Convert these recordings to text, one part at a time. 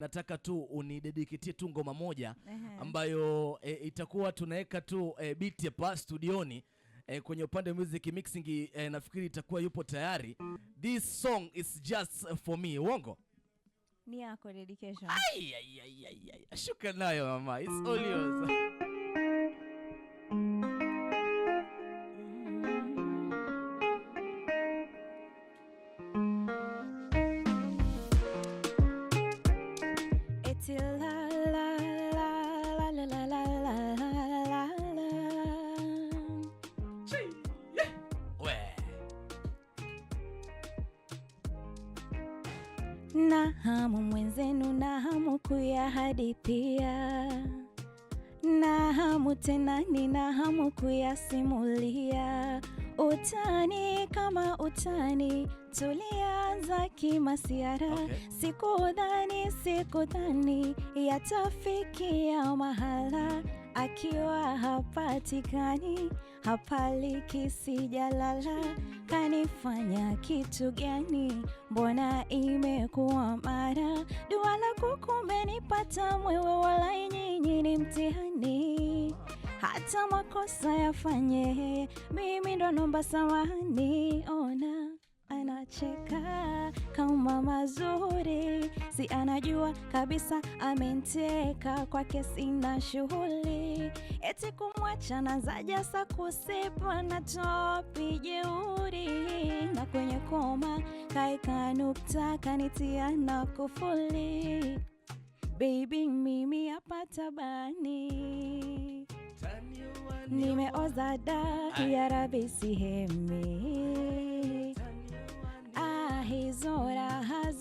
nataka tu unidedikitie tu ngoma moja ambayo e, itakuwa tunaweka tu e, beat hapa studioni e, kwenye upande music mixing e, nafikiri itakuwa yupo tayari. This song is just for me. Uongo ni yako dedication. ay, ay, ay, ay. shuka nayo mama, it's all yours. na hamu mwenzenu, na hamu kuyahadithia, na hamu tena na hamu kuyasimulia. Utani kama utani, tulianza kimasiara. Okay. Sikudhani, sikudhani yatafikia ya mahala akiwa hapatikani, hapaliki sijalala, kanifanya kitu gani? Mbona imekuwa mara dua lako kumenipata mwewe, wala inyinyi ni mtihani hata makosa yafanye, mimi ndo nomba samahani. Ona anacheka kama mazuri si anajua kabisa amenteka kwake, sina shughuli eti kumwacha na zaja sa kusipa na topi jeuri, na kwenye koma kaeka nukta kanitia na kufuli Baby, mimi hapa tabani nimeoza da ya rabi, sihemi ah, raha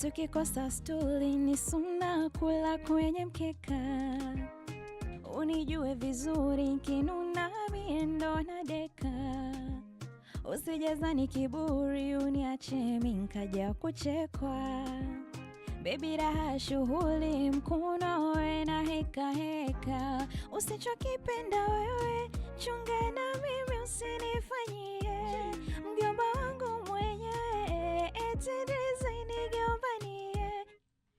tukikosa stuli ni suna kula kwenye mkeka, unijue vizuri kinuna miendo na deka, usijazani kiburi uniache minkaja kuchekwa Bebi raha shughuli mkuno we na heka heka, usichokipenda wewe chunge na mimi usinifanyi